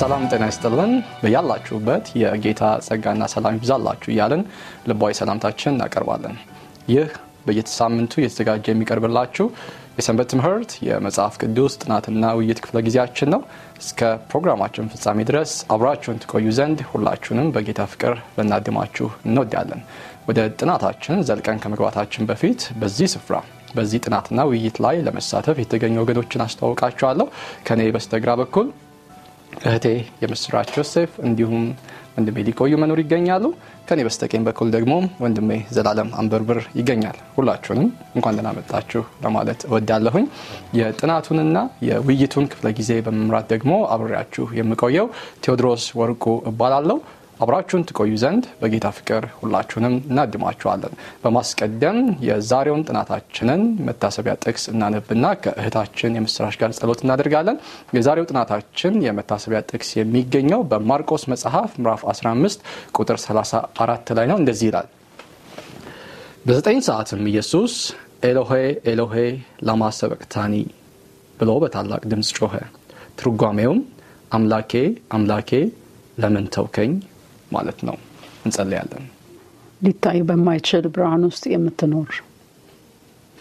ሰላም ጤና ይስጥልን በያላችሁበት የጌታ ጸጋና ሰላም ይብዛላችሁ እያልን ልባዊ ሰላምታችን እናቀርባለን። ይህ በየተሳምንቱ እየተዘጋጀ የሚቀርብላችሁ የሰንበት ትምህርት የመጽሐፍ ቅዱስ ጥናትና ውይይት ክፍለ ጊዜያችን ነው። እስከ ፕሮግራማችን ፍጻሜ ድረስ አብራችሁን ትቆዩ ዘንድ ሁላችሁንም በጌታ ፍቅር ልናድማችሁ እንወዳለን። ወደ ጥናታችን ዘልቀን ከመግባታችን በፊት በዚህ ስፍራ በዚህ ጥናትና ውይይት ላይ ለመሳተፍ የተገኙ ወገኖችን አስተዋውቃችኋለሁ። ከኔ በስተግራ በኩል እህቴ የምስራች ዮሴፍ እንዲሁም ወንድሜ ሊቆዩ መኖር ይገኛሉ። ከኔ በስተቀኝ በኩል ደግሞ ወንድሜ ዘላለም አንበርብር ይገኛል። ሁላችሁንም እንኳን ደናመጣችሁ መጣችሁ ለማለት እወዳለሁኝ። የጥናቱንና የውይይቱን ክፍለ ጊዜ በመምራት ደግሞ አብሬያችሁ የምቆየው ቴዎድሮስ ወርቁ እባላለሁ። አብራችሁን ትቆዩ ዘንድ በጌታ ፍቅር ሁላችሁንም እናድማችኋለን። በማስቀደም የዛሬውን ጥናታችንን መታሰቢያ ጥቅስ እናነብና ከእህታችን የምስራች ጋር ጸሎት እናደርጋለን። የዛሬው ጥናታችን የመታሰቢያ ጥቅስ የሚገኘው በማርቆስ መጽሐፍ ምዕራፍ 15 ቁጥር 34 ላይ ነው። እንደዚህ ይላል በዘጠኝ ሰዓትም ኢየሱስ ኤሎሄ ኤሎሄ ለማሰበቅታኒ ብሎ በታላቅ ድምፅ ጮኸ። ትርጓሜውም አምላኬ አምላኬ ለምን ተውከኝ ማለት ነው። እንጸልያለን። ሊታይ በማይችል ብርሃን ውስጥ የምትኖር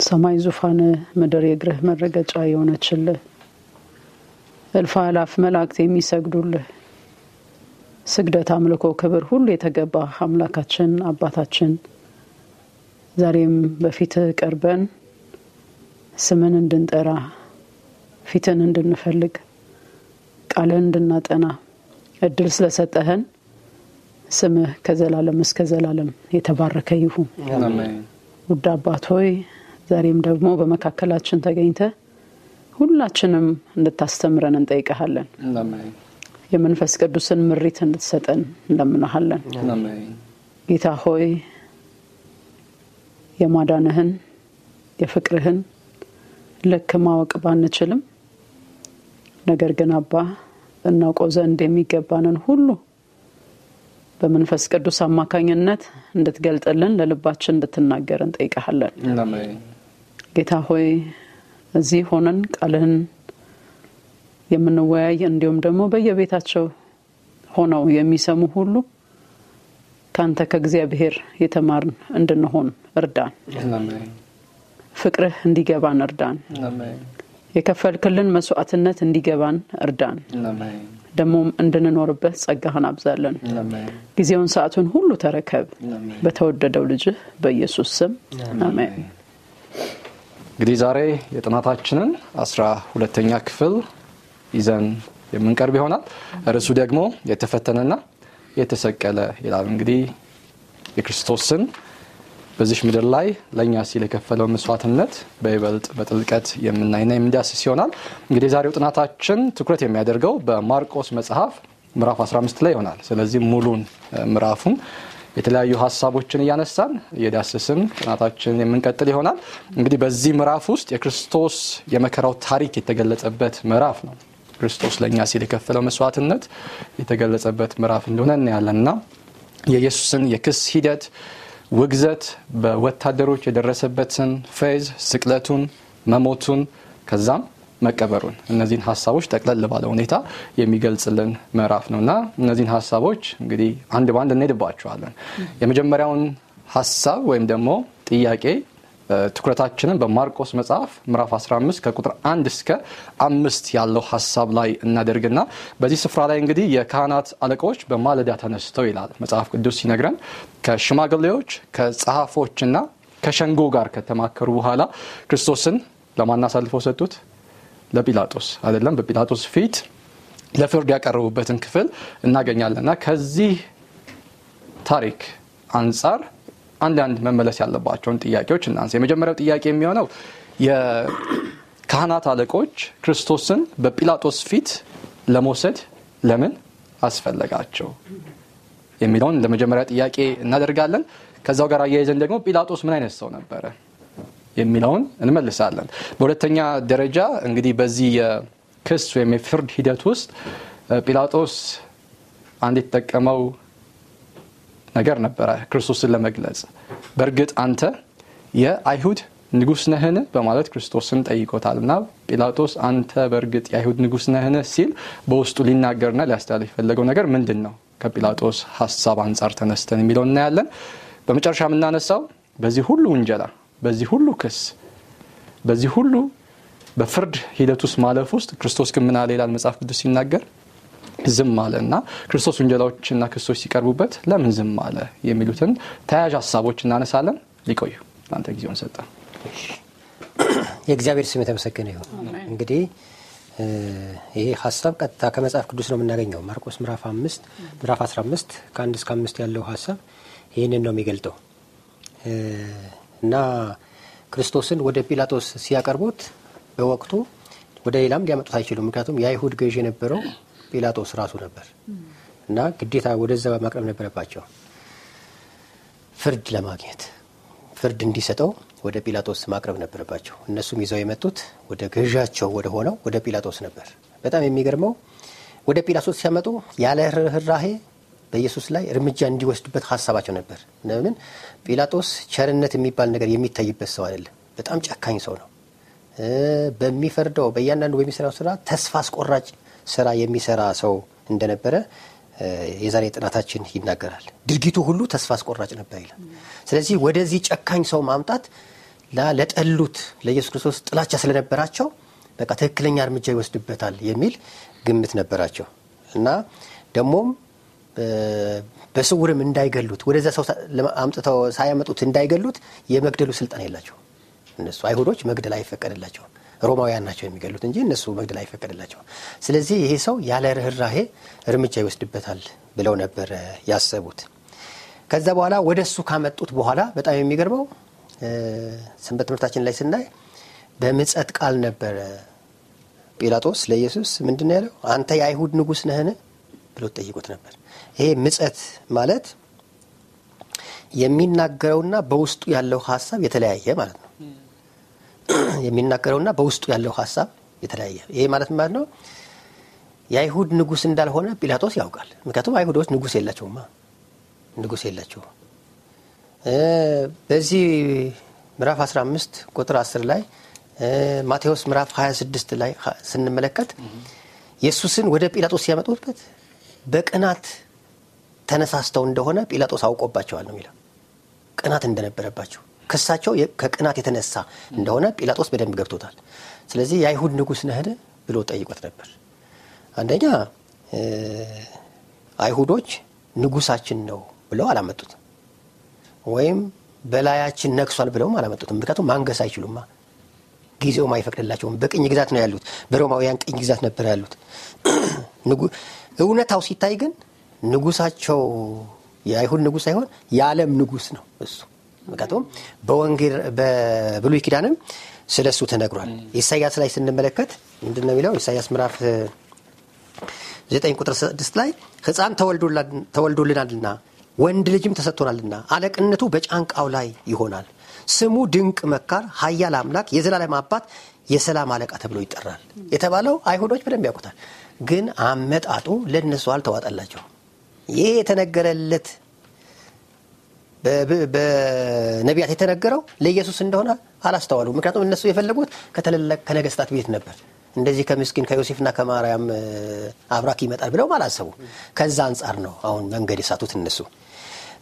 ሰማይ ዙፋን፣ ምድር የእግርህ መረገጫ የሆነችልህ እልፍ አላፍ መላእክት የሚሰግዱልህ ስግደት፣ አምልኮ፣ ክብር ሁሉ የተገባ አምላካችን አባታችን ዛሬም በፊት ቀርበን ስምን እንድንጠራ ፊትን እንድንፈልግ ቃልን እንድናጠና እድል ስለሰጠህን ስምህ ከዘላለም እስከ ዘላለም የተባረከ ይሁን። ውድ አባት ሆይ ዛሬም ደግሞ በመካከላችን ተገኝተ ሁላችንም እንድታስተምረን እንጠይቀሃለን። የመንፈስ ቅዱስን ምሪት እንድትሰጠን እንለምናሃለን። ጌታ ሆይ የማዳንህን የፍቅርህን ልክ ማወቅ ባንችልም ነገር ግን አባ እናውቀው ዘንድ የሚገባንን ሁሉ በመንፈስ ቅዱስ አማካኝነት እንድትገልጥልን ለልባችን እንድትናገር እንጠይቀሃለን። ጌታ ሆይ እዚህ ሆነን ቃልህን የምንወያይ እንዲሁም ደግሞ በየቤታቸው ሆነው የሚሰሙ ሁሉ ከአንተ ከእግዚአብሔር የተማርን እንድንሆን እርዳን። ፍቅርህ እንዲገባን እርዳን። የከፈልክልን መስዋዕትነት እንዲገባን እርዳን። ደግሞም እንድንኖርበት ጸጋህን አብዛለን። ጊዜውን ሰዓቱን ሁሉ ተረከብ። በተወደደው ልጅህ በኢየሱስ ስም አሜን። እንግዲህ ዛሬ የጥናታችንን አስራ ሁለተኛ ክፍል ይዘን የምንቀርብ ይሆናል። እርሱ ደግሞ የተፈተነና የተሰቀለ ይላል። እንግዲህ የክርስቶስን በዚህ ምድር ላይ ለእኛ ሲል የከፈለውን መስዋዕትነት በይበልጥ በጥልቀት የምናይና የምንዳስስ ይሆናል። እንግዲህ የዛሬው ጥናታችን ትኩረት የሚያደርገው በማርቆስ መጽሐፍ ምዕራፍ 15 ላይ ይሆናል። ስለዚህ ሙሉን ምዕራፉን የተለያዩ ሀሳቦችን እያነሳን እየዳስስን ጥናታችን የምንቀጥል ይሆናል። እንግዲህ በዚህ ምዕራፍ ውስጥ የክርስቶስ የመከራው ታሪክ የተገለጸበት ምዕራፍ ነው። ክርስቶስ ለእኛ ሲል የከፈለው መስዋዕትነት የተገለጸበት ምዕራፍ እንደሆነ እናያለን የኢየሱስን የክስ ሂደት ውግዘት በወታደሮች የደረሰበትን ፌዝ ስቅለቱን፣ መሞቱን ከዛም መቀበሩን እነዚህን ሀሳቦች ጠቅለል ባለ ሁኔታ የሚገልጽልን ምዕራፍ ነው እና እነዚህን ሀሳቦች እንግዲህ አንድ በአንድ እንሄድባቸዋለን። የመጀመሪያውን ሀሳብ ወይም ደግሞ ጥያቄ ትኩረታችንን በማርቆስ መጽሐፍ ምዕራፍ 15 ከቁጥር 1 እስከ አምስት ያለው ሀሳብ ላይ እናደርግና በዚህ ስፍራ ላይ እንግዲህ የካህናት አለቃዎች በማለዳ ተነስተው ይላል መጽሐፍ ቅዱስ ሲነግረን ከሽማግሌዎች ከጸሐፎችና ከሸንጎ ጋር ከተማከሩ በኋላ ክርስቶስን ለማን ሰጡት? ለጲላጦስ አይደለም። በጲላጦስ ፊት ለፍርድ ያቀረቡበትን ክፍል እናገኛለንና ከዚህ ታሪክ አንጻር አንድ አንድ መመለስ ያለባቸውን ጥያቄዎች እናንስ። የመጀመሪያው ጥያቄ የሚሆነው የካህናት አለቆች ክርስቶስን በጲላጦስ ፊት ለመውሰድ ለምን አስፈለጋቸው የሚለውን ለመጀመሪያ ጥያቄ እናደርጋለን። ከዛው ጋር አያይዘን ደግሞ ጲላጦስ ምን አይነት ሰው ነበረ የሚለውን እንመልሳለን። በሁለተኛ ደረጃ እንግዲህ በዚህ የክስ ወይም የፍርድ ሂደት ውስጥ ጲላጦስ አንድ የተጠቀመው ነገር ነበረ ክርስቶስን ለመግለጽ። በእርግጥ አንተ የአይሁድ ንጉስ ነህን በማለት ክርስቶስን ጠይቆታል እና ጲላጦስ አንተ በእርግጥ የአይሁድ ንጉስ ነህን ሲል በውስጡ ሊናገርና ሊያስተላልፍ የፈለገው ነገር ምንድን ነው ከጲላጦስ ሀሳብ አንጻር ተነስተን የሚለው እናያለን። በመጨረሻ የምናነሳው በዚህ ሁሉ ውንጀላ፣ በዚህ ሁሉ ክስ፣ በዚህ ሁሉ በፍርድ ሂደት ውስጥ ማለፍ ውስጥ ክርስቶስ ግን ምና ሌላል ይላል መጽሐፍ ቅዱስ ሲናገር ዝም አለ እና ክርስቶስ ውንጀላዎችና ክሶች ሲቀርቡበት ለምን ዝም አለ የሚሉትን ተያያዥ ሀሳቦች እናነሳለን። ሊቆዩ ለአንተ ጊዜውን ሰጠ። የእግዚአብሔር ስም የተመሰገነ ይሁን። እንግዲህ ይሄ ሀሳብ ቀጥታ ከመጽሐፍ ቅዱስ ነው የምናገኘው። ማርቆስ ምራፍ አምስት 1 አስራ ከአንድ እስከ አምስት ያለው ሀሳብ ይህንን ነው የሚገልጠው እና ክርስቶስን ወደ ጲላጦስ ሲያቀርቡት በወቅቱ ወደ ሌላም ሊያመጡት አይችሉም። ምክንያቱም የአይሁድ ገዥ የነበረው ጲላጦስ ራሱ ነበር እና ግዴታ ወደዛ በማቅረብ ነበረባቸው ፍርድ ለማግኘት ፍርድ እንዲሰጠው ወደ ጲላጦስ ማቅረብ ነበረባቸው። እነሱም ይዘው የመጡት ወደ ገዣቸው ወደ ሆነው ወደ ጲላጦስ ነበር። በጣም የሚገርመው ወደ ጲላጦስ ሲያመጡ ያለ ርኅራሄ በኢየሱስ ላይ እርምጃ እንዲወስዱበት ሀሳባቸው ነበር። ለምን ጲላጦስ ቸርነት የሚባል ነገር የሚታይበት ሰው አይደለም። በጣም ጨካኝ ሰው ነው። በሚፈርደው በእያንዳንዱ በሚሰራው ስራ ተስፋ አስቆራጭ ስራ የሚሰራ ሰው እንደነበረ የዛሬ ጥናታችን ይናገራል። ድርጊቱ ሁሉ ተስፋ አስቆራጭ ነበር ይላል። ስለዚህ ወደዚህ ጨካኝ ሰው ማምጣት ለጠሉት ለኢየሱስ ክርስቶስ ጥላቻ ስለነበራቸው በቃ ትክክለኛ እርምጃ ይወስድበታል የሚል ግምት ነበራቸው እና ደግሞም በስውርም እንዳይገሉት ወደዚ ሰው አምጥተው ሳያመጡት እንዳይገሉት የመግደሉ ስልጣን የላቸው። እነሱ አይሁዶች መግደል አይፈቀድላቸውም። ሮማውያን ናቸው የሚገሉት እንጂ እነሱ መግደል አይፈቀድላቸውም። ስለዚህ ይሄ ሰው ያለ ርኅራሄ እርምጃ ይወስድበታል ብለው ነበር ያሰቡት። ከዛ በኋላ ወደ እሱ ካመጡት በኋላ በጣም የሚገርመው ስንበት ትምህርታችን ላይ ስናይ በምጸት ቃል ነበረ ጲላጦስ ለኢየሱስ ምንድን ያለው? አንተ የአይሁድ ንጉሥ ነህን ብሎ ጠይቁት ነበር። ይሄ ምጸት ማለት የሚናገረውና በውስጡ ያለው ሀሳብ የተለያየ ማለት ነው። የሚናገረውና በውስጡ ያለው ሀሳብ የተለያየ። ይሄ ማለት ማለት ነው የአይሁድ ንጉስ እንዳልሆነ ጲላጦስ ያውቃል። ምክንያቱም አይሁዶች ንጉስ የላቸውማ ንጉስ የላቸው። በዚህ ምዕራፍ 15 ቁጥር 10 ላይ ማቴዎስ ምዕራፍ 26 ላይ ስንመለከት ኢየሱስን ወደ ጲላጦስ ሲያመጡበት በቅናት ተነሳስተው እንደሆነ ጲላጦስ አውቆባቸዋል ነው የሚለው ቅናት እንደነበረባቸው ክሳቸው ከቅናት የተነሳ እንደሆነ ጲላጦስ በደንብ ገብቶታል። ስለዚህ የአይሁድ ንጉሥ ነህን ብሎ ጠይቆት ነበር። አንደኛ አይሁዶች ንጉሳችን ነው ብለው አላመጡትም፣ ወይም በላያችን ነግሷል ብለውም አላመጡትም። ምክንያቱም ማንገስ አይችሉማ፣ ጊዜውም አይፈቅድላቸውም። በቅኝ ግዛት ነው ያሉት፣ በሮማውያን ቅኝ ግዛት ነበር ያሉት። እውነታው ሲታይ ግን ንጉሳቸው የአይሁድ ንጉሥ ሳይሆን የዓለም ንጉሥ ነው እሱ። ምክንያቱም በወንጌል በብሉይ ኪዳንም ስለ እሱ ተነግሯል። ኢሳያስ ላይ ስንመለከት ምንድን ነው የሚለው? ኢሳያስ ምዕራፍ ዘጠኝ ቁጥር ስድስት ላይ ህፃን ተወልዶልናልና ወንድ ልጅም ተሰጥቶናልና አለቅነቱ በጫንቃው ላይ ይሆናል። ስሙ ድንቅ መካር፣ ሀያል አምላክ፣ የዘላለም አባት፣ የሰላም አለቃ ተብሎ ይጠራል የተባለው አይሁዶች በደንብ ያውቁታል። ግን አመጣጡ ለነሱ አልተዋጠላቸው። ይህ የተነገረለት በነቢያት የተነገረው ለኢየሱስ እንደሆነ አላስተዋሉ። ምክንያቱም እነሱ የፈለጉት ከተለለቅ ከነገስታት ቤት ነበር። እንደዚህ ከምስኪን ከዮሴፍና ከማርያም አብራክ ይመጣል ብለውም አላሰቡ። ከዛ አንጻር ነው አሁን መንገድ የሳቱት እነሱ።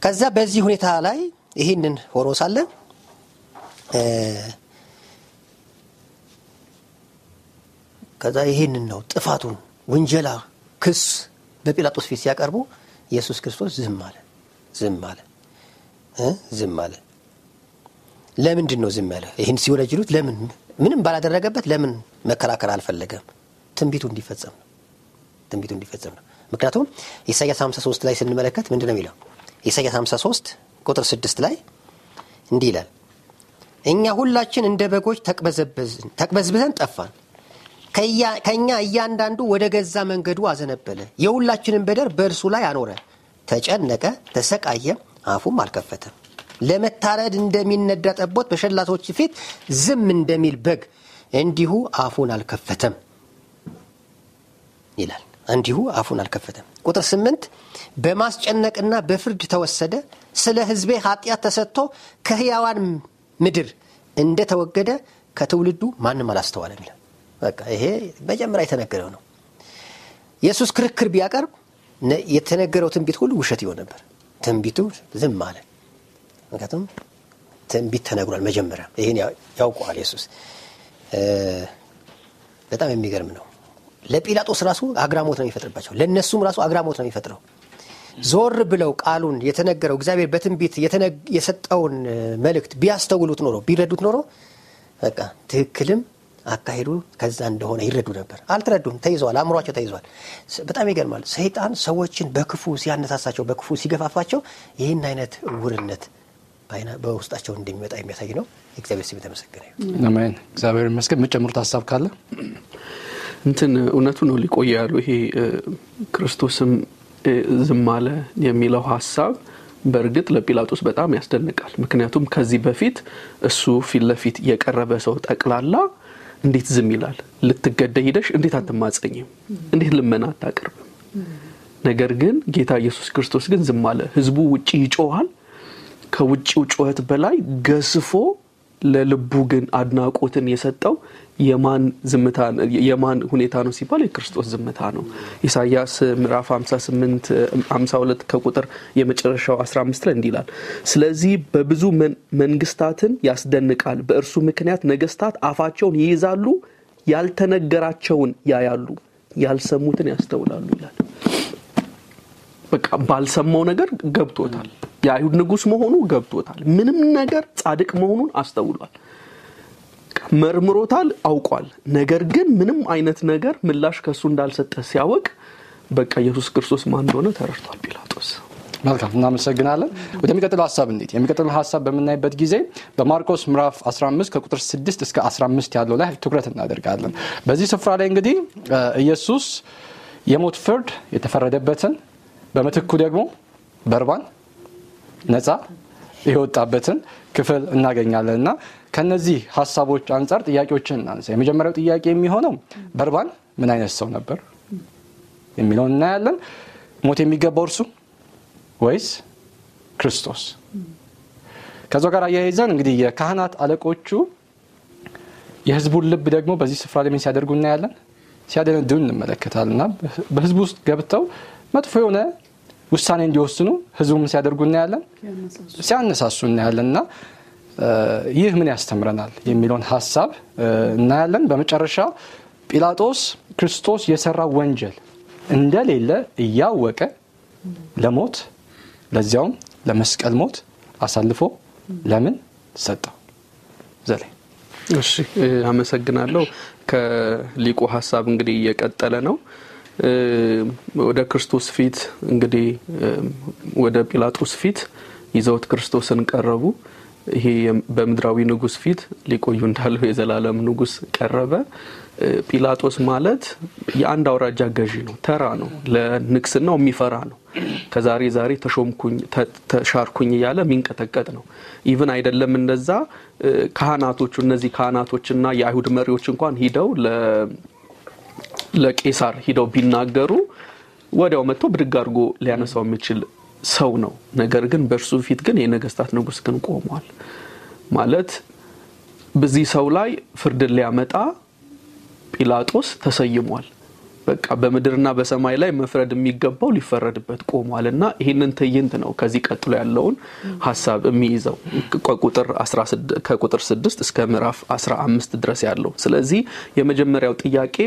ከዛ በዚህ ሁኔታ ላይ ይህንን ሆኖ ሳለ ከዛ ይህንን ነው ጥፋቱን፣ ውንጀላ፣ ክስ በጲላጦስ ፊት ሲያቀርቡ ኢየሱስ ክርስቶስ ዝም አለ፣ ዝም አለ። ዝም አለ። ለምንድን ነው ዝም ያለ? ይህን ሲወነጅሉት ለምን ምንም ባላደረገበት ለምን መከራከር አልፈለገም? ትንቢቱ እንዲፈጸም ነው። ትንቢቱ እንዲፈጸም ነው። ምክንያቱም ኢሳያስ 53 ላይ ስንመለከት ምንድ ነው የሚለው? ኢሳያስ 53 ቁጥር 6 ላይ እንዲህ ይላል፣ እኛ ሁላችን እንደ በጎች ተቅበዝብዘን ጠፋን፣ ከእኛ እያንዳንዱ ወደ ገዛ መንገዱ አዘነበለ፣ የሁላችንን በደር በእርሱ ላይ አኖረ፣ ተጨነቀ፣ ተሰቃየም አፉም አልከፈተም። ለመታረድ እንደሚነዳ ጠቦት፣ በሸላቶች ፊት ዝም እንደሚል በግ እንዲሁ አፉን አልከፈተም ይላል። እንዲሁ አፉን አልከፈተም። ቁጥር ስምንት በማስጨነቅና በፍርድ ተወሰደ፣ ስለ ሕዝቤ ኃጢአት ተሰጥቶ ከሕያዋን ምድር እንደተወገደ ከትውልዱ ማንም አላስተዋለም ይላል። በቃ ይሄ መጀመሪያ የተነገረው ነው። ኢየሱስ ክርክር ቢያቀርብ የተነገረው ትንቢት ሁሉ ውሸት ይሆን ነበር። ትንቢቱ ዝም አለ። ምክንያቱም ትንቢት ተነግሯል መጀመሪያ። ይህን ያውቀዋል የሱስ በጣም የሚገርም ነው። ለጲላጦስ ራሱ አግራሞት ነው የሚፈጥርባቸው። ለእነሱም ራሱ አግራሞት ነው የሚፈጥረው። ዞር ብለው ቃሉን የተነገረው እግዚአብሔር በትንቢት የሰጠውን መልእክት ቢያስተውሉት ኖሮ ቢረዱት ኖሮ በቃ ትክክልም አካሄዱ ከዛ እንደሆነ ይረዱ ነበር። አልተረዱም። ተይዘዋል። አእምሯቸው ተይዘዋል። በጣም ይገርማል። ሰይጣን ሰዎችን በክፉ ሲያነሳሳቸው፣ በክፉ ሲገፋፋቸው ይህን አይነት እውርነት በውስጣቸው እንደሚመጣ የሚያሳይ ነው። እግዚአብሔር ስም የተመሰገነ አሜን። እግዚአብሔር ይመስገን። የምትጨምሩት ሀሳብ ካለ እንትን እውነቱ ነው። ሊቆይ ያሉ ይሄ ክርስቶስም ዝም አለ የሚለው ሀሳብ በእርግጥ ለጲላጦስ በጣም ያስደንቃል። ምክንያቱም ከዚህ በፊት እሱ ፊት ለፊት የቀረበ ሰው ጠቅላላ እንዴት ዝም ይላል? ልትገደ ሂደሽ እንዴት አትማጸኝም? እንዴት ልመና አታቀርብም? ነገር ግን ጌታ ኢየሱስ ክርስቶስ ግን ዝም አለ። ህዝቡ ውጭ ይጮሃል። ከውጭው ጩኸት በላይ ገስፎ ለልቡ ግን አድናቆትን የሰጠው የማን ዝምታ የማን ሁኔታ ነው ሲባል የክርስቶስ ዝምታ ነው። ኢሳያስ ምዕራፍ 58 52 ከቁጥር የመጨረሻው 15 ላይ እንዲህ ይላል፣ ስለዚህ በብዙ መንግስታትን ያስደንቃል፣ በእርሱ ምክንያት ነገስታት አፋቸውን ይይዛሉ፣ ያልተነገራቸውን ያያሉ፣ ያልሰሙትን ያስተውላሉ ይላል። በቃ ባልሰማው ነገር ገብቶታል። የአይሁድ ንጉስ መሆኑ ገብቶታል። ምንም ነገር ጻድቅ መሆኑን አስተውሏል፣ መርምሮታል፣ አውቋል። ነገር ግን ምንም አይነት ነገር ምላሽ ከእሱ እንዳልሰጠ ሲያወቅ በቃ ኢየሱስ ክርስቶስ ማን እንደሆነ ተረድቷል ጲላጦስ። መልካም እናመሰግናለን። ወደሚቀጥለው ሀሳብ እንዴት የሚቀጥለው ሀሳብ በምናይበት ጊዜ በማርቆስ ምዕራፍ 15 ከቁጥር 6 እስከ 15 ያለው ላይ ትኩረት እናደርጋለን። በዚህ ስፍራ ላይ እንግዲህ ኢየሱስ የሞት ፍርድ የተፈረደበትን በምትኩ ደግሞ በርባን ነፃ የወጣበትን ክፍል እናገኛለን እና ከነዚህ ሀሳቦች አንጻር ጥያቄዎችን እናንሳ። የመጀመሪያው ጥያቄ የሚሆነው በርባን ምን አይነት ሰው ነበር የሚለውን እናያለን። ሞት የሚገባው እርሱ ወይስ ክርስቶስ? ከዛ ጋር አያይዘን እንግዲህ የካህናት አለቆቹ የህዝቡን ልብ ደግሞ በዚህ ስፍራ ላይ ምን ሲያደርጉ እናያለን? ሲያደነድኑ እንመለከታልና በህዝቡ ውስጥ ገብተው መጥፎ የሆነ ውሳኔ እንዲወስኑ ህዝቡም ሲያደርጉ እናያለን፣ ሲያነሳሱ እናያለን እና ይህ ምን ያስተምረናል የሚለውን ሀሳብ እናያለን። በመጨረሻ ጲላጦስ ክርስቶስ የሰራው ወንጀል እንደሌለ እያወቀ ለሞት ለዚያውም ለመስቀል ሞት አሳልፎ ለምን ሰጠው? ዘላይ እሺ፣ አመሰግናለሁ። ከሊቁ ሀሳብ እንግዲህ እየቀጠለ ነው። ወደ ክርስቶስ ፊት እንግዲህ ወደ ጲላጦስ ፊት ይዘውት ክርስቶስን ቀረቡ። ይሄ በምድራዊ ንጉስ ፊት ሊቆዩ እንዳለው የዘላለም ንጉስ ቀረበ። ጲላጦስ ማለት የአንድ አውራጃ ገዢ ነው። ተራ ነው። ለንግስናው የሚፈራ ነው። ከዛሬ ዛሬ ተሾምኩኝ ተሻርኩኝ እያለ የሚንቀጠቀጥ ነው። ኢቭን አይደለም እንደዛ ካህናቶቹ እነዚህ ካህናቶችና የአይሁድ መሪዎች እንኳን ሂደው ለቄሳር ሂደው ቢናገሩ ወዲያው መጥቶ ብድግ አድርጎ ሊያነሳው የሚችል ሰው ነው። ነገር ግን በእርሱ ፊት ግን የነገስታት ንጉስ ግን ቆሟል ማለት በዚህ ሰው ላይ ፍርድን ሊያመጣ ጲላጦስ ተሰይሟል። በቃ በምድርና በሰማይ ላይ መፍረድ የሚገባው ሊፈረድበት ቆሟል እና ይህንን ትዕይንት ነው ከዚህ ቀጥሎ ያለውን ሀሳብ የሚይዘው ከቁጥር ስድስት እስከ ምዕራፍ አምስት ድረስ ያለው። ስለዚህ የመጀመሪያው ጥያቄ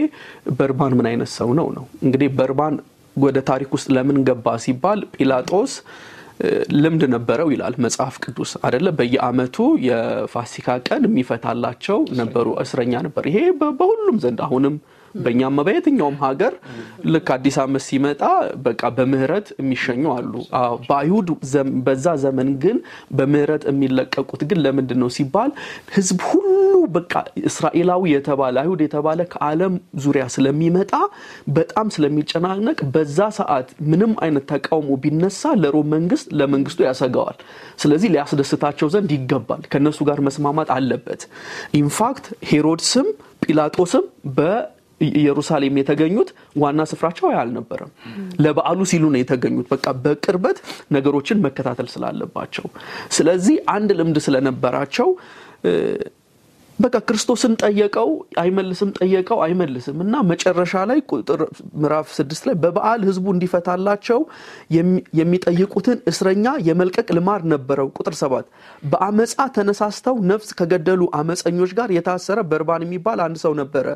በርባን ምን አይነት ሰው ነው ነው። እንግዲህ በርባን ወደ ታሪክ ውስጥ ለምን ገባ ሲባል ጲላጦስ ልምድ ነበረው ይላል መጽሐፍ ቅዱስ አደለ። በየአመቱ የፋሲካ ቀን የሚፈታላቸው ነበሩ እስረኛ ነበር። ይሄ በሁሉም ዘንድ አሁንም በእኛማ በየትኛውም ሀገር ልክ አዲስ ዓመት ሲመጣ በቃ በምህረት የሚሸኙ አሉ። በአይሁድ በዛ ዘመን ግን በምህረት የሚለቀቁት ግን ለምንድን ነው ሲባል ህዝብ ሁሉ በቃ እስራኤላዊ የተባለ አይሁድ የተባለ ከአለም ዙሪያ ስለሚመጣ በጣም ስለሚጨናነቅ በዛ ሰዓት ምንም አይነት ተቃውሞ ቢነሳ ለሮም መንግስት ለመንግስቱ ያሰጋዋል። ስለዚህ ሊያስደስታቸው ዘንድ ይገባል። ከነሱ ጋር መስማማት አለበት። ኢንፋክት ሄሮድስም ጲላጦስም በ ኢየሩሳሌም የተገኙት ዋና ስፍራቸው አልነበረም። ለበዓሉ ሲሉ ነው የተገኙት። በቃ በቅርበት ነገሮችን መከታተል ስላለባቸው ስለዚህ አንድ ልምድ ስለነበራቸው በቃ ክርስቶስን ጠየቀው አይመልስም፣ ጠየቀው አይመልስም። እና መጨረሻ ላይ ቁጥር ምዕራፍ ስድስት ላይ በበዓል ህዝቡ እንዲፈታላቸው የሚጠይቁትን እስረኛ የመልቀቅ ልማድ ነበረው። ቁጥር ሰባት በአመፃ ተነሳስተው ነፍስ ከገደሉ አመፀኞች ጋር የታሰረ በርባን የሚባል አንድ ሰው ነበረ።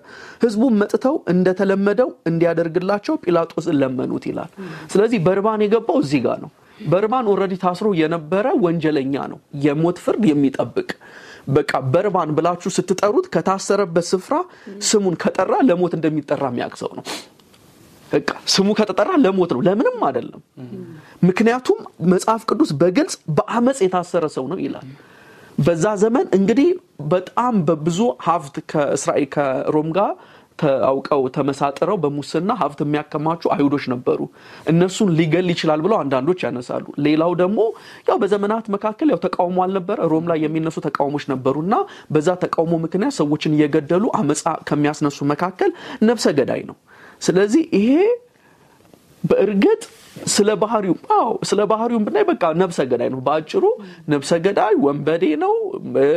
ህዝቡም መጥተው እንደተለመደው እንዲያደርግላቸው ጲላጦስን ለመኑት ይላል። ስለዚህ በርባን የገባው እዚህ ጋር ነው። በርባን ኦልሬዲ ታስሮ የነበረ ወንጀለኛ ነው፣ የሞት ፍርድ የሚጠብቅ በቃ በርባን ብላችሁ ስትጠሩት ከታሰረበት ስፍራ ስሙን ከጠራ ለሞት እንደሚጠራ የሚያውቅ ሰው ነው። በቃ ስሙ ከተጠራ ለሞት ነው፣ ለምንም አይደለም። ምክንያቱም መጽሐፍ ቅዱስ በግልጽ በአመፅ የታሰረ ሰው ነው ይላል። በዛ ዘመን እንግዲህ በጣም በብዙ ሀብት ከእስራኤል ከሮም ጋር አውቀው ተመሳጥረው በሙስና ሀብት የሚያከማቹ አይሁዶች ነበሩ። እነሱን ሊገል ይችላል ብለው አንዳንዶች ያነሳሉ። ሌላው ደግሞ ያው በዘመናት መካከል ያው ተቃውሞ አልነበረ ሮም ላይ የሚነሱ ተቃውሞች ነበሩ እና በዛ ተቃውሞ ምክንያት ሰዎችን እየገደሉ አመፃ ከሚያስነሱ መካከል ነፍሰ ገዳይ ነው። ስለዚህ ይሄ በእርግጥ ስለ ባህሪው አዎ ስለ ባህሪውም ብናይ በቃ ነብሰ ገዳይ ነው። በአጭሩ ነብሰ ገዳይ ወንበዴ ነው።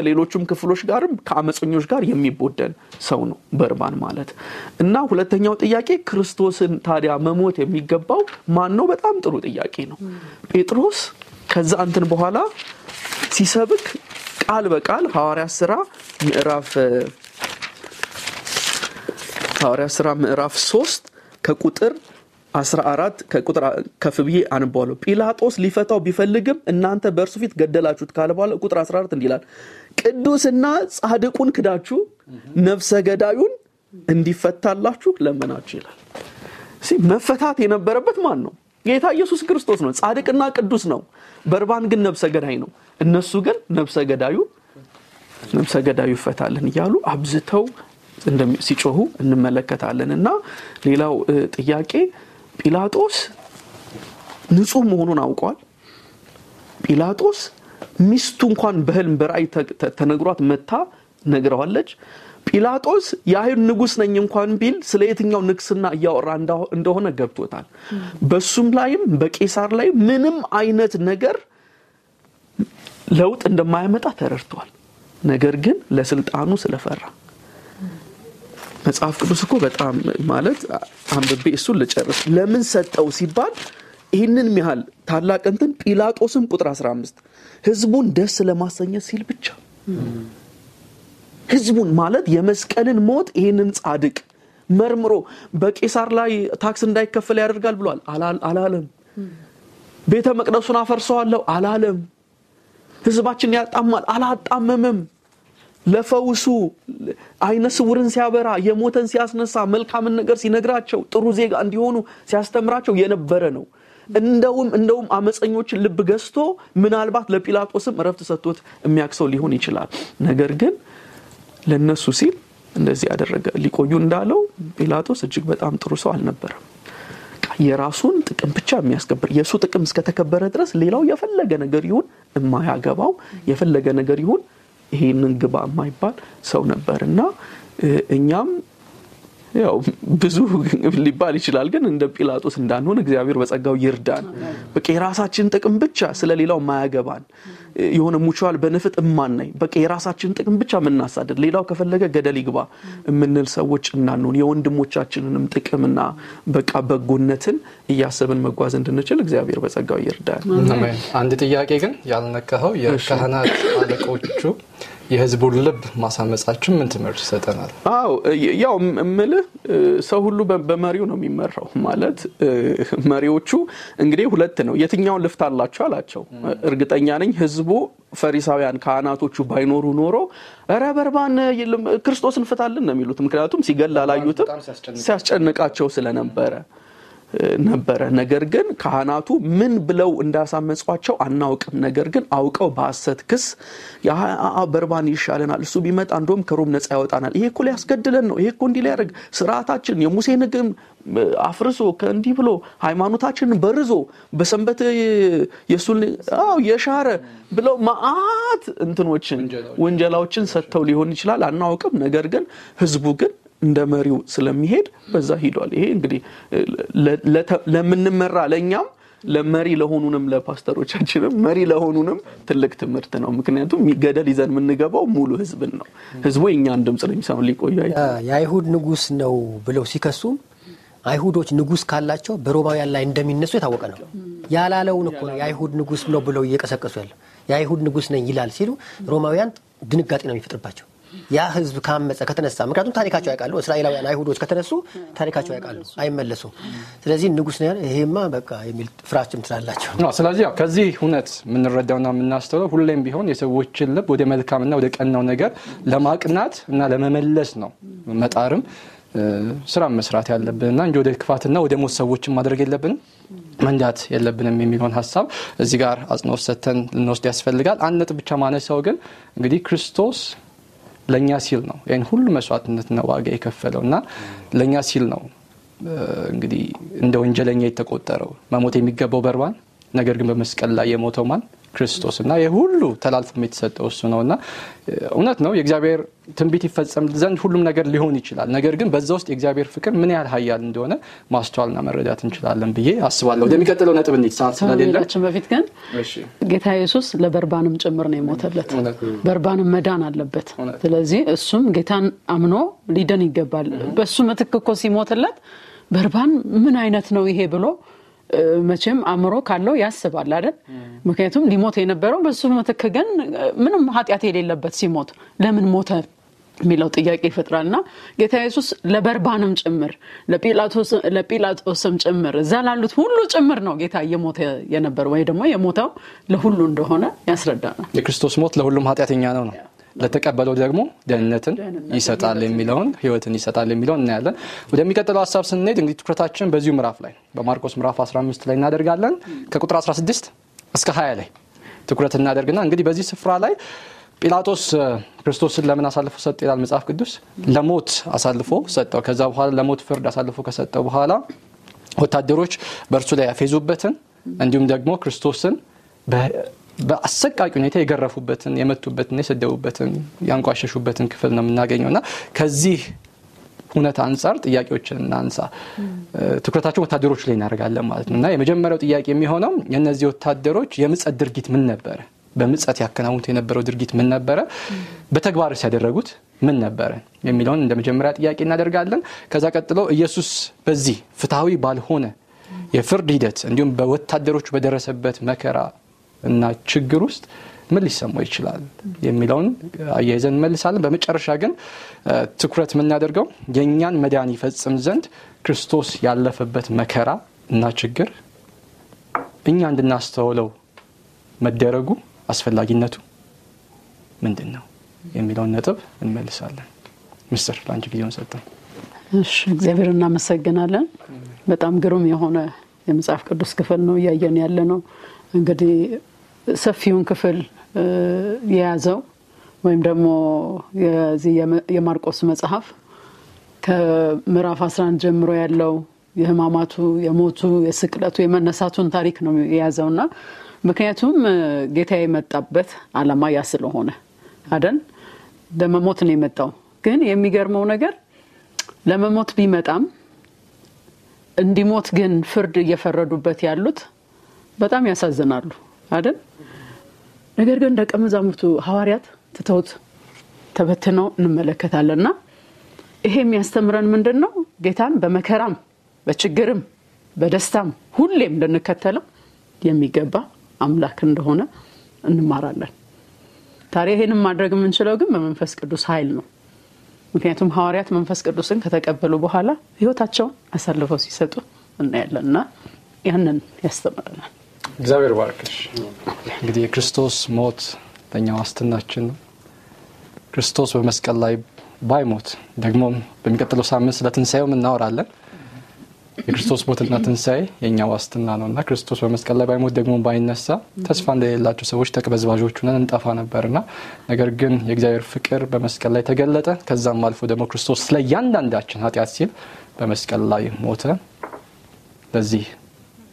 ሌሎቹም ክፍሎች ጋርም ከአመፀኞች ጋር የሚቦደን ሰው ነው በርባን ማለት እና ሁለተኛው ጥያቄ ክርስቶስን ታዲያ መሞት የሚገባው ማን ነው? በጣም ጥሩ ጥያቄ ነው። ጴጥሮስ ከዛ አንትን በኋላ ሲሰብክ ቃል በቃል ሐዋርያ ስራ ምዕራፍ ሐዋርያ ስራ ምዕራፍ ሶስት ከቁጥር 14 ከቁጥር ከፍ ብዬ ጲላጦስ ሊፈታው ቢፈልግም እናንተ በእርሱ ፊት ገደላችሁት ካለ በኋላ ቁጥር 14 እንዲላል ቅዱስና ጻድቁን ክዳችሁ ነፍሰ ገዳዩን እንዲፈታላችሁ ለመናችሁ ይላል። መፈታት የነበረበት ማን ነው? ጌታ ኢየሱስ ክርስቶስ ነው። ጻድቅና ቅዱስ ነው። በርባን ግን ነፍሰ ገዳይ ነው። እነሱ ግን ነፍሰ ገዳዩ ነፍሰ ገዳዩ ይፈታልን እያሉ አብዝተው ሲጮሁ እንመለከታለን እና ሌላው ጥያቄ ጲላጦስ ንጹህ መሆኑን አውቋል። ጲላጦስ ሚስቱ እንኳን በህልም በራእይ ተነግሯት መታ ነግረዋለች። ጲላጦስ የአይሁድ ንጉሥ ነኝ እንኳን ቢል ስለ የትኛው ንግስና እያወራ እንደሆነ ገብቶታል። በሱም ላይም በቄሳር ላይ ምንም አይነት ነገር ለውጥ እንደማያመጣ ተረድቷል። ነገር ግን ለስልጣኑ ስለፈራ መጽሐፍ ቅዱስ እኮ በጣም ማለት አንብቤ እሱን ልጨርስ። ለምን ሰጠው ሲባል ይህንን ያህል ታላቅ እንትን ጲላጦስም ቁጥር 15 ህዝቡን ደስ ለማሰኘት ሲል ብቻ ህዝቡን ማለት የመስቀልን ሞት ይህንን ጻድቅ መርምሮ በቄሳር ላይ ታክስ እንዳይከፈል ያደርጋል ብሏል አላለም። ቤተ መቅደሱን አፈርሰዋለሁ አላለም። ህዝባችን ያጣማል አላጣመምም። ለፈውሱ አይነ ስውርን ሲያበራ የሞተን ሲያስነሳ መልካምን ነገር ሲነግራቸው ጥሩ ዜጋ እንዲሆኑ ሲያስተምራቸው የነበረ ነው። እንደውም እንደውም አመፀኞችን ልብ ገዝቶ ምናልባት ለጲላጦስም እረፍት ሰጥቶት የሚያክሰው ሊሆን ይችላል። ነገር ግን ለነሱ ሲል እንደዚህ ያደረገ ሊቆዩ እንዳለው ጲላጦስ እጅግ በጣም ጥሩ ሰው አልነበረም። የራሱን ጥቅም ብቻ የሚያስከብር የእሱ ጥቅም እስከተከበረ ድረስ ሌላው የፈለገ ነገር ይሁን የማያገባው የፈለገ ነገር ይሁን ይሄንን ግባ የማይባል ሰው ነበር እና እኛም ያው ብዙ ሊባል ይችላል፣ ግን እንደ ጲላጦስ እንዳንሆን እግዚአብሔር በጸጋው ይርዳን። በቃ የራሳችን ጥቅም ብቻ ስለሌላው ማያገባን የሆነ ሙቹዋል በንፍጥ እማናይ በቃ የራሳችን ጥቅም ብቻ የምናሳደድ ሌላው ከፈለገ ገደል ይግባ የምንል ሰዎች እናንሆን፣ የወንድሞቻችንንም ጥቅምና በቃ በጎነትን እያሰብን መጓዝ እንድንችል እግዚአብሔር በጸጋው ይርዳል አንድ ጥያቄ ግን ያልነካኸው የካህናት አለቆቹ የህዝቡን ልብ ማሳመጻችን ምን ትምህርት ይሰጠናል? አዎ ያው ምልህ ሰው ሁሉ በመሪው ነው የሚመራው። ማለት መሪዎቹ እንግዲህ ሁለት ነው። የትኛውን ልፍት አላቸው አላቸው። እርግጠኛ ነኝ ህዝቡ ፈሪሳውያን ካህናቶቹ ባይኖሩ ኖሮ ኧረ በርባን ክርስቶስን ፍታልን ነው የሚሉት። ምክንያቱም ሲገል አላዩትም ሲያስጨንቃቸው ስለነበረ ነበረ። ነገር ግን ካህናቱ ምን ብለው እንዳሳመጿቸው አናውቅም። ነገር ግን አውቀው በሐሰት ክስ በርባን ይሻለናል፣ እሱ ቢመጣ እንደውም ከሮም ነፃ ያወጣናል፣ ይሄ እኮ ሊያስገድለን ነው፣ ይሄ እኮ እንዲህ ሊያደርግ ስርዓታችን የሙሴ ንግም አፍርሶ ከእንዲህ ብሎ ሃይማኖታችንን በርዞ በሰንበት የሱን የሻረ ብለው መዓት እንትኖችን ወንጀላዎችን ሰጥተው ሊሆን ይችላል፣ አናውቅም። ነገር ግን ህዝቡ ግን እንደ መሪው ስለሚሄድ በዛ ሂዷል። ይሄ እንግዲህ ለምንመራ ለእኛም ለመሪ ለሆኑንም ለፓስተሮቻችንም መሪ ለሆኑንም ትልቅ ትምህርት ነው። ምክንያቱም ገደል ይዘን የምንገባው ሙሉ ህዝብን ነው። ህዝቡ የእኛን ድምፅ ነው የሚሰማ። ሊቆዩ የአይሁድ ንጉስ ነው ብለው ሲከሱም አይሁዶች ንጉስ ካላቸው በሮማውያን ላይ እንደሚነሱ የታወቀ ነው። ያላለውን እኮ የአይሁድ ንጉስ ነው ብለው እየቀሰቀሱ ያለ የአይሁድ ንጉስ ነኝ ይላል ሲሉ ሮማውያን ድንጋጤ ነው የሚፈጥርባቸው። ያ ህዝብ ካመፀ ከተነሳ፣ ምክንያቱም ታሪካቸው ያውቃሉ። እስራኤላውያን አይሁዶች ከተነሱ ታሪካቸው ያውቃሉ፣ አይመለሱ ስለዚህ ንጉስ ነ ይሄማ በቃ የሚል ፍራችም ትላላቸው። ስለዚህ ከዚህ እውነት የምንረዳውና የምናስተውለው ሁሌም ቢሆን የሰዎችን ልብ ወደ መልካምና ወደ ቀናው ነገር ለማቅናት እና ለመመለስ ነው መጣርም ስራ መስራት እና እንጂ ወደ ክፋትና ወደ ሞት ሰዎችን ማድረግ የለብንም መንዳት የለብንም የሚለውን ሀሳብ እዚህ ጋር አጽንኦት ሰተን ልንወስድ ያስፈልጋል። አንድ ነጥብ ብቻ ማነሳው ግን እንግዲህ ክርስቶስ ለእኛ ሲል ነው ይህን ሁሉ መስዋዕትነትና ዋጋ የከፈለው እና ለእኛ ሲል ነው እንግዲህ እንደ ወንጀለኛ የተቆጠረው መሞት የሚገባው በርባን ነገር ግን በመስቀል ላይ የሞተው ማን ክርስቶስ እና የሁሉ ተላልፎ የተሰጠው እሱ ነው እና እውነት ነው የእግዚአብሔር ትንቢት ይፈጸም ዘንድ ሁሉም ነገር ሊሆን ይችላል። ነገር ግን በዛ ውስጥ የእግዚአብሔር ፍቅር ምን ያህል ሀያል እንደሆነ ማስተዋልና መረዳት እንችላለን ብዬ አስባለሁ። ወደሚቀጥለው ነጥብ እንሂድ፣ ሰዓት ስለሌላችን በፊት ግን ጌታ ኢየሱስ ለበርባንም ጭምር ነው የሞተለት። በርባንም መዳን አለበት። ስለዚህ እሱም ጌታን አምኖ ሊደን ይገባል። በእሱ ምትክኮ ሲሞትለት በርባን ምን አይነት ነው ይሄ ብሎ መቼም አእምሮ ካለው ያስባል አይደል? ምክንያቱም ሊሞት የነበረው በሱ ምትክ ግን ምንም ኃጢአት የሌለበት ሲሞት ለምን ሞተ የሚለው ጥያቄ ይፈጥራል። ና ጌታ የሱስ ለበርባንም ጭምር ለጲላጦስም ጭምር እዛ ላሉት ሁሉ ጭምር ነው ጌታ እየሞተ የነበር ወይ ደግሞ የሞተው ለሁሉ እንደሆነ ያስረዳናል። የክርስቶስ ሞት ለሁሉም ኃጢአተኛ ነው ነው ለተቀበለው ደግሞ ደህንነትን ይሰጣል የሚለውን ህይወትን ይሰጣል የሚለውን እናያለን። ወደሚቀጥለው ሀሳብ ስንሄድ እንግዲህ ትኩረታችን በዚሁ ምዕራፍ ላይ በማርቆስ ምራፍ 15 ላይ እናደርጋለን። ከቁጥር 16 እስከ 20 ላይ ትኩረት እናደርግና እንግዲህ በዚህ ስፍራ ላይ ጲላጦስ ክርስቶስን ለምን አሳልፎ ሰጥ ይላል መጽሐፍ ቅዱስ። ለሞት አሳልፎ ሰጠው። ከዛ በኋላ ለሞት ፍርድ አሳልፎ ከሰጠው በኋላ ወታደሮች በእርሱ ላይ ያፌዙበትን እንዲሁም ደግሞ ክርስቶስን በአሰቃቂ ሁኔታ የገረፉበትን የመቱበትን የሰደቡበትን ያንቋሸሹበትን ክፍል ነው የምናገኘው ና ከዚህ እውነት አንጻር ጥያቄዎችን እናንሳ። ትኩረታቸው ወታደሮች ላይ እናደርጋለን ማለት ነው እና የመጀመሪያው ጥያቄ የሚሆነው የእነዚህ ወታደሮች የምጸት ድርጊት ምን ነበረ? በምጸት ያከናውኑት የነበረው ድርጊት ምን ነበረ? በተግባር ሲያደረጉት ምን ነበረ የሚለውን እንደ መጀመሪያ ጥያቄ እናደርጋለን። ከዛ ቀጥሎ ኢየሱስ በዚህ ፍትሐዊ ባልሆነ የፍርድ ሂደት እንዲሁም በወታደሮቹ በደረሰበት መከራ እና ችግር ውስጥ ምን ሊሰማው ይችላል የሚለውን አያይዘን እንመልሳለን። በመጨረሻ ግን ትኩረት የምናደርገው የእኛን መዳን ይፈጽም ዘንድ ክርስቶስ ያለፈበት መከራ እና ችግር እኛ እንድናስተውለው መደረጉ አስፈላጊነቱ ምንድን ነው የሚለውን ነጥብ እንመልሳለን። ምስር ለአንቺ ጊዜውን ሰጠ እሺ፣ እግዚአብሔር እናመሰግናለን። በጣም ግሩም የሆነ የመጽሐፍ ቅዱስ ክፍል ነው እያየን ያለ ነው እንግዲህ ሰፊውን ክፍል የያዘው ወይም ደግሞ የዚህ የማርቆስ መጽሐፍ ከምዕራፍ 11 ጀምሮ ያለው የህማማቱ የሞቱ፣ የስቅለቱ፣ የመነሳቱን ታሪክ ነው የያዘውና ምክንያቱም ጌታ የመጣበት አላማ ያ ስለሆነ አደን ለመሞት ነው የመጣው። ግን የሚገርመው ነገር ለመሞት ቢመጣም እንዲሞት ግን ፍርድ እየፈረዱበት ያሉት በጣም ያሳዝናሉ። አይደል? ነገር ግን ደቀ መዛሙርቱ ሐዋርያት ትተውት ተበትነው እንመለከታለን ና ይሄ የሚያስተምረን ምንድን ነው? ጌታን በመከራም በችግርም በደስታም ሁሌም ልንከተለው የሚገባ አምላክ እንደሆነ እንማራለን። ታዲያ ይህንም ማድረግ የምንችለው ግን በመንፈስ ቅዱስ ኃይል ነው። ምክንያቱም ሐዋርያት መንፈስ ቅዱስን ከተቀበሉ በኋላ ህይወታቸውን አሳልፈው ሲሰጡ እናያለን እና ያንን ያስተምረናል። እግዚአብሔር ባርክሽ። እንግዲህ የክርስቶስ ሞት ለእኛ ዋስትናችን ነው። ክርስቶስ በመስቀል ላይ ባይሞት ደግሞም በሚቀጥለው ሳምንት ስለ ትንሣኤውም እናወራለን። የክርስቶስ ሞትና ትንሣኤ የእኛ ዋስትና ነው እና ክርስቶስ በመስቀል ላይ ባይሞት ደግሞ ባይነሳ ተስፋ እንደሌላቸው ሰዎች ተቅበዝባዦች ነን እንጠፋ ነበርና፣ ነገር ግን የእግዚአብሔር ፍቅር በመስቀል ላይ ተገለጠ። ከዛም አልፎ ደግሞ ክርስቶስ ስለ እያንዳንዳችን ኃጢአት ሲል በመስቀል ላይ ሞተ። ለዚህ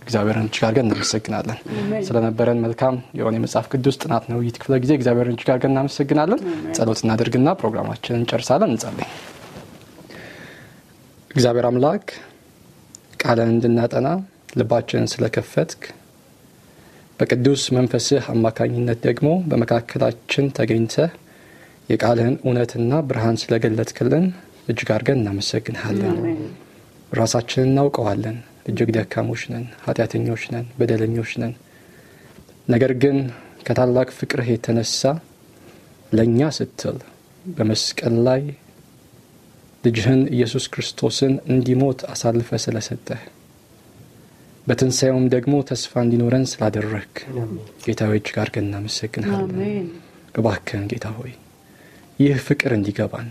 እግዚአብሔርን እጅግ አድርገን እናመሰግናለን ስለነበረን መልካም የሆነ የመጽሐፍ ቅዱስ ጥናት ነው ውይይት ክፍለ ጊዜ እግዚአብሔርን እጅግ አድርገን እናመሰግናለን ጸሎት እናደርግና ፕሮግራማችንን እንጨርሳለን እንጸልኝ እግዚአብሔር አምላክ ቃለን እንድናጠና ልባችንን ስለከፈትክ በቅዱስ መንፈስህ አማካኝነት ደግሞ በመካከላችን ተገኝተህ የቃልህን እውነትና ብርሃን ስለገለጥክልን እጅግ አድርገን እናመሰግንሃለን ራሳችንን እናውቀዋለን። እጅግ ደካሞች ነን፣ ኃጢአተኞች ነን፣ በደለኞች ነን። ነገር ግን ከታላቅ ፍቅርህ የተነሳ ለእኛ ስትል በመስቀል ላይ ልጅህን ኢየሱስ ክርስቶስን እንዲሞት አሳልፈ ስለሰጠህ በትንሣኤውም ደግሞ ተስፋ እንዲኖረን ስላደረግ ጌታ ሆይ እጅግ አድርገን እናመሰግንሃለን። እባክህን ጌታ ሆይ ይህ ፍቅር እንዲገባን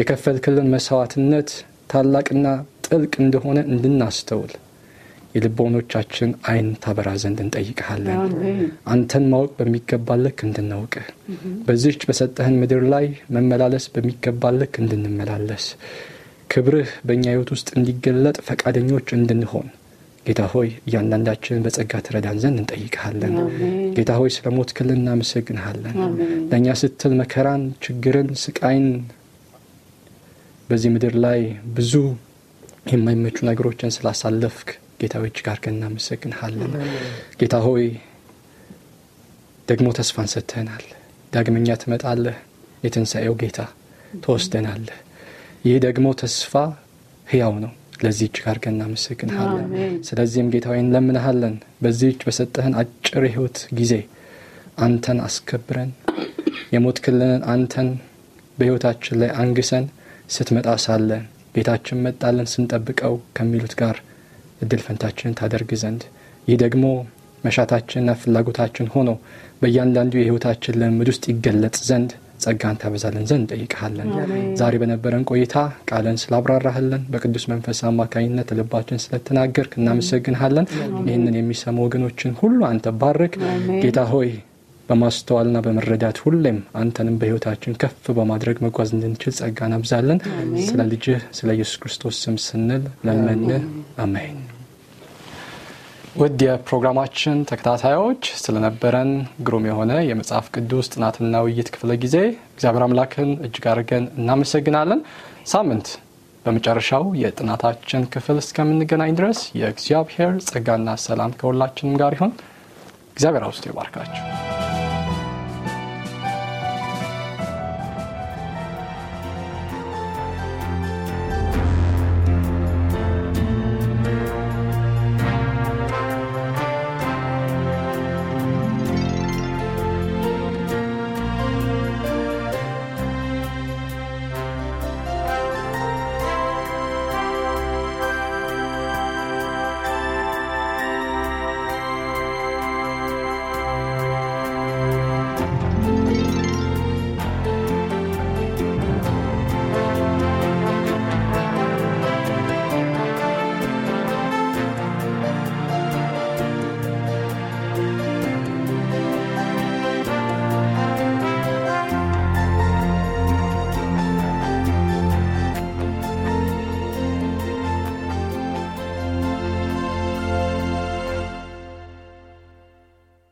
የከፈልክልን መስዋዕትነት ታላቅና ጥልቅ እንደሆነ እንድናስተውል የልቦኖቻችን አይን ታበራ ዘንድ እንጠይቀሃለን። አንተን ማወቅ በሚገባልክ እንድናውቅ እንድናውቅህ በዚህች በሰጠህን ምድር ላይ መመላለስ በሚገባልክ እንድንመላለስ ክብርህ በእኛ ህይወት ውስጥ እንዲገለጥ ፈቃደኞች እንድንሆን ጌታ ሆይ እያንዳንዳችንን በጸጋ ትረዳን ዘንድ እንጠይቀሃለን። ጌታ ሆይ ስለ ሞት ክል እናመሰግንሃለን። ለእኛ ስትል መከራን፣ ችግርን፣ ስቃይን በዚህ ምድር ላይ ብዙ የማይመቹ ነገሮችን ስላሳለፍክ ጌታ ዎች ጋር ግን እናመሰግንሃለን። ጌታ ሆይ ደግሞ ተስፋን ሰጥተህናል ዳግመኛ ትመጣለህ። የትንሣኤው ጌታ ተወስደናለህ። ይህ ደግሞ ተስፋ ህያው ነው። ለዚህ ጋር አድርገን እናመሰግንሃለን። ስለዚህም ጌታ ጌታዊ እንለምንሃለን። በዚህች በሰጠህን አጭር ህይወት ጊዜ አንተን አስከብረን የሞት ክልልን አንተን በህይወታችን ላይ አንግሰን ስትመጣ ሳለ ቤታችን መጣለን ስንጠብቀው ከሚሉት ጋር እድል ፈንታችንን ታደርግ ዘንድ ይህ ደግሞ መሻታችንና ፍላጎታችን ሆኖ በእያንዳንዱ የህይወታችን ልምድ ውስጥ ይገለጽ ዘንድ ጸጋን ታበዛለን ዘንድ ጠይቀሃለን ዛሬ በነበረን ቆይታ ቃለን ስላብራራህልን በቅዱስ መንፈስ አማካኝነት ልባችን ስለተናገርክ እናመሰግንሃለን። ይህንን የሚሰሙ ወገኖችን ሁሉ አንተ ባርክ ጌታ ሆይ በማስተዋልና በመረዳት ሁሌም አንተንም በህይወታችን ከፍ በማድረግ መጓዝ እንድንችል ጸጋ ናብዛለን። ስለ ልጅህ ስለ ኢየሱስ ክርስቶስ ስም ስንል ለመን፣ አሜን። ውድ የፕሮግራማችን ተከታታዮች ስለነበረን ግሩም የሆነ የመጽሐፍ ቅዱስ ጥናትና ውይይት ክፍለ ጊዜ እግዚአብሔር አምላክን እጅግ አድርገን እናመሰግናለን። ሳምንት በመጨረሻው የጥናታችን ክፍል እስከምንገናኝ ድረስ የእግዚአብሔር ጸጋና ሰላም ከሁላችንም ጋር ይሆን። እግዚአብሔር አውስቶ ይባርካቸው።